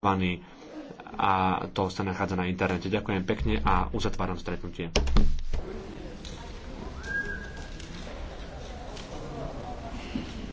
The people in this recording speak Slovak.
zverejňovaný a to sa nachádza na internete. Ďakujem pekne a uzatváram stretnutie.